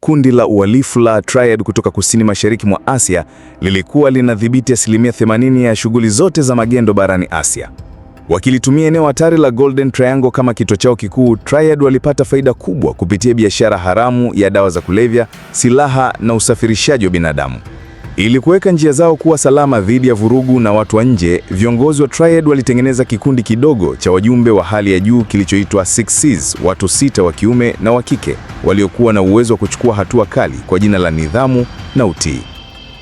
Kundi la uhalifu la Triad kutoka kusini mashariki mwa Asia lilikuwa linadhibiti asilimia 80 ya shughuli zote za magendo barani Asia. Wakilitumia eneo hatari la Golden Triangle kama kituo chao kikuu, Triad walipata faida kubwa kupitia biashara haramu ya dawa za kulevya, silaha na usafirishaji wa binadamu. Ili kuweka njia zao kuwa salama dhidi ya vurugu na watu wa nje, viongozi wa Triad walitengeneza kikundi kidogo cha wajumbe wa hali ya juu kilichoitwa Six Seas, watu sita wa kiume na wa kike waliokuwa na uwezo wa kuchukua hatua kali kwa jina la nidhamu na utii.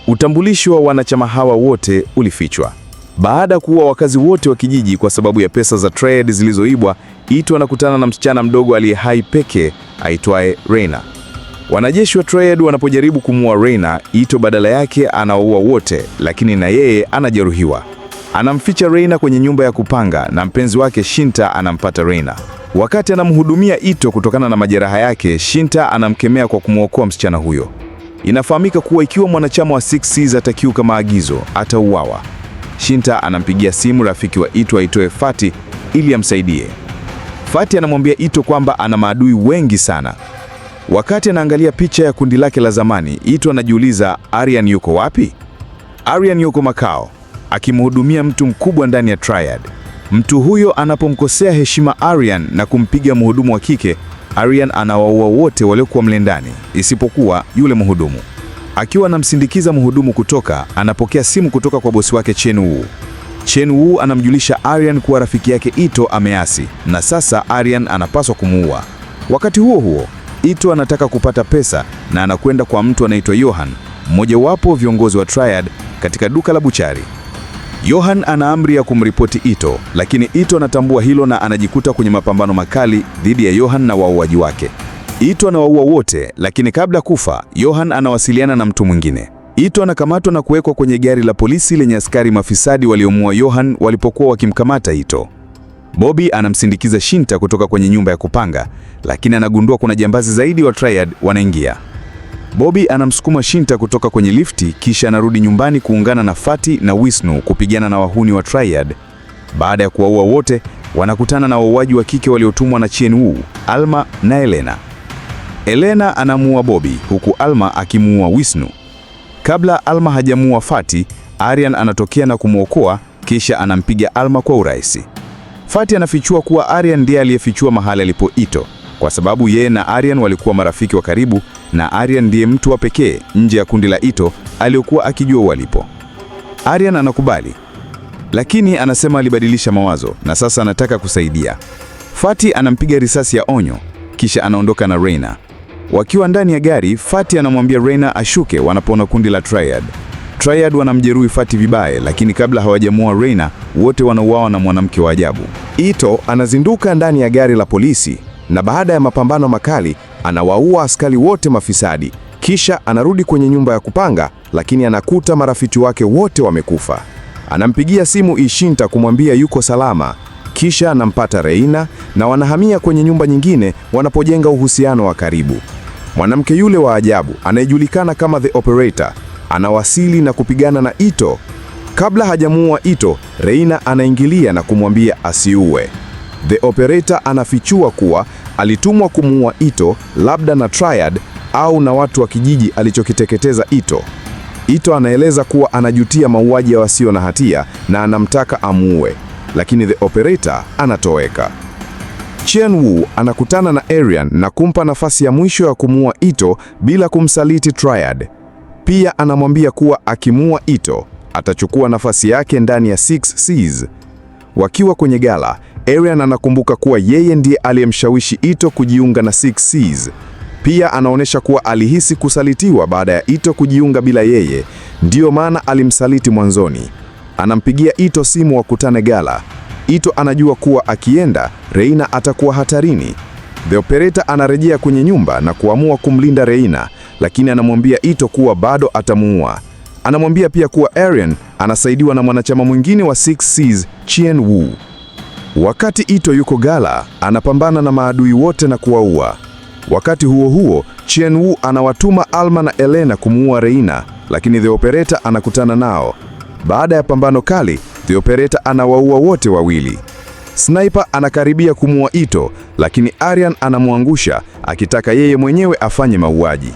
Utambulisho wa wanachama hawa wote ulifichwa. Baada ya kuua wakazi wote wa kijiji kwa sababu ya pesa za Triad zilizoibwa, Itu anakutana na msichana mdogo aliye hai pekee aitwaye Reina. Wanajeshi wa Triad wanapojaribu kumuua Reyna, Ito badala yake anaua wote, lakini na yeye anajeruhiwa. Anamficha Reyna kwenye nyumba ya kupanga na mpenzi wake Shinta anampata Reyna. Wakati anamhudumia Ito kutokana na majeraha yake, Shinta anamkemea kwa kumwokoa msichana huyo. Inafahamika kuwa ikiwa mwanachama wa Six Seas atakiuka maagizo, atauawa. Shinta anampigia simu rafiki wa Ito aitoe Fati ili amsaidie. Fati anamwambia Ito kwamba ana maadui wengi sana. Wakati anaangalia picha ya kundi lake la zamani, Ito anajiuliza Aryan yuko wapi? Aryan yuko Macau akimhudumia mtu mkubwa ndani ya Triad. Mtu huyo anapomkosea heshima Aryan na kumpiga mhudumu wa kike, Aryan anawaua wote waliokuwa mle ndani isipokuwa yule mhudumu. Akiwa anamsindikiza mhudumu kutoka, anapokea simu kutoka kwa bosi wake Chen Wu. Chen Wu anamjulisha Aryan kuwa rafiki yake Ito ameasi na sasa Aryan anapaswa kumuua. Wakati huo huo Ito anataka kupata pesa na anakwenda kwa mtu anaitwa Johan, mmojawapo viongozi wa Triad katika duka la buchari. Johan ana amri ya kumripoti Ito, lakini Ito anatambua hilo na anajikuta kwenye mapambano makali dhidi ya Johan na wauaji wake. Ito anawaua wote, lakini kabla kufa, Johan anawasiliana na mtu mwingine. Ito anakamatwa na kuwekwa kwenye gari la polisi lenye askari mafisadi waliomua Johan walipokuwa wakimkamata Ito. Bobby anamsindikiza Shinta kutoka kwenye nyumba ya kupanga, lakini anagundua kuna jambazi zaidi wa Triad wanaingia. Bobby anamsukuma Shinta kutoka kwenye lifti, kisha anarudi nyumbani kuungana na Fati na Wisnu kupigana na wahuni wa Triad. Baada ya kuwaua wote, wanakutana na wauaji wa kike waliotumwa na Chen Wu, Alma na Elena. Elena anamuua Bobby huku Alma akimuua Wisnu. Kabla Alma hajamuua Fati, Aryan anatokea na kumwokoa, kisha anampiga Alma kwa urahisi. Fati anafichua kuwa Aryan ndiye aliyefichua mahali alipo Ito, kwa sababu yeye na Aryan walikuwa marafiki wa karibu, na Aryan ndiye mtu wa pekee nje ya kundi la Ito aliyokuwa akijua walipo. Aryan anakubali, lakini anasema alibadilisha mawazo na sasa anataka kusaidia. Fati anampiga risasi ya onyo, kisha anaondoka na Reina. Wakiwa ndani ya gari, Fati anamwambia Reina ashuke wanapoona kundi la Triad. Triad wanamjeruhi Fati vibaye lakini kabla hawajamuua Reina, wote wanauawa na mwanamke wa ajabu. Ito anazinduka ndani ya gari la polisi na baada ya mapambano makali anawaua askari wote mafisadi, kisha anarudi kwenye nyumba ya kupanga, lakini anakuta marafiki wake wote wamekufa. Anampigia simu Ishinta kumwambia yuko salama, kisha anampata Reina na wanahamia kwenye nyumba nyingine wanapojenga uhusiano wa karibu. Mwanamke yule wa ajabu anayejulikana kama The Operator anawasili na kupigana na Ito. Kabla hajamuua Ito, Reina anaingilia na kumwambia asiue. The Operator anafichua kuwa alitumwa kumuua Ito, labda na Triad au na watu wa kijiji alichokiteketeza Ito. Ito anaeleza kuwa anajutia mauaji ya wasio na hatia na anamtaka amuue, lakini The Operator anatoweka. wu anakutana na Arian na kumpa nafasi ya mwisho ya kumuua Ito bila kumsaliti Triad. Pia anamwambia kuwa akimua Ito atachukua nafasi yake ndani ya Six Seas. Wakiwa kwenye gala, Eren anakumbuka kuwa yeye ndiye aliyemshawishi Ito kujiunga na Six Seas. Pia anaonyesha kuwa alihisi kusalitiwa baada ya Ito kujiunga bila yeye, ndiyo maana alimsaliti mwanzoni. Anampigia Ito simu wakutane gala. Ito anajua kuwa akienda, Reina atakuwa hatarini. The Operator anarejea kwenye nyumba na kuamua kumlinda Reina, lakini anamwambia Ito kuwa bado atamuua. Anamwambia pia kuwa Arian anasaidiwa na mwanachama mwingine wa Six Seas, Chien Wu. Wakati Ito yuko gala, anapambana na maadui wote na kuwaua. Wakati huo huo, Chien Wu anawatuma Alma na Elena kumuua Reina, lakini The Operator anakutana nao. Baada ya pambano kali, The Operator anawaua wote wawili. Sniper anakaribia kumua Ito, lakini Aryan anamwangusha akitaka yeye mwenyewe afanye mauaji.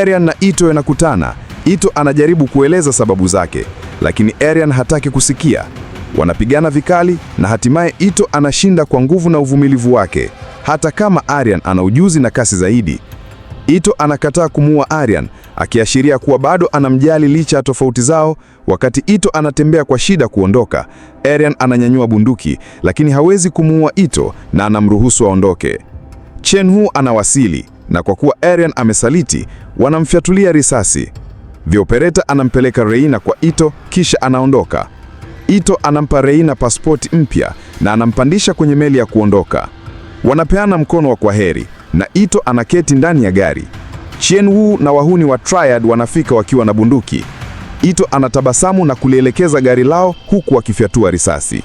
Aryan na Ito yanakutana. Ito anajaribu kueleza sababu zake, lakini Aryan hataki kusikia. Wanapigana vikali na hatimaye Ito anashinda kwa nguvu na uvumilivu wake. Hata kama Aryan ana ujuzi na kasi zaidi, Ito anakataa kumuua Aryan, akiashiria kuwa bado anamjali licha ya tofauti zao. Wakati Ito anatembea kwa shida kuondoka, Aryan ananyanyua bunduki lakini hawezi kumuua Ito na anamruhusu aondoke. chen Hu anawasili na kwa kuwa Aryan amesaliti, wanamfyatulia risasi. Vyopereta anampeleka Reina kwa Ito kisha anaondoka. Ito anampa Reina pasipoti mpya na anampandisha kwenye meli ya kuondoka. Wanapeana mkono wa kwaheri na Ito anaketi ndani ya gari. Wu na wahuni wa Triad wanafika wakiwa na bunduki. Ito anatabasamu na kulielekeza gari lao huku akifyatua risasi.